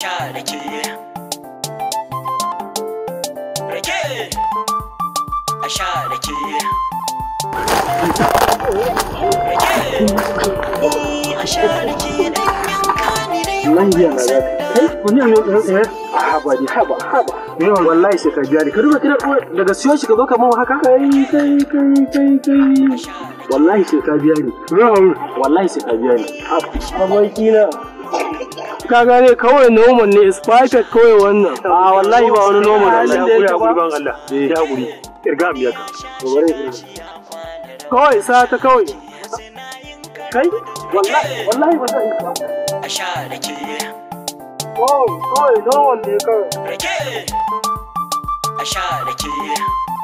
sha rake rake ni wallahi shi ka kamar haka kai kai kai kai kai biya ni wallahi sai ka biya ni aboki ka gane kawai normal ne spiker kawai wannan a wallahi ba wani normal Allah ya kuri kuri ban Allah eh. ya hakuri kirga biya ka kawai sa ta kawai kai wallahi wallahi ba zan a sha rake kawai kawai normal ne kawai rake a sha rake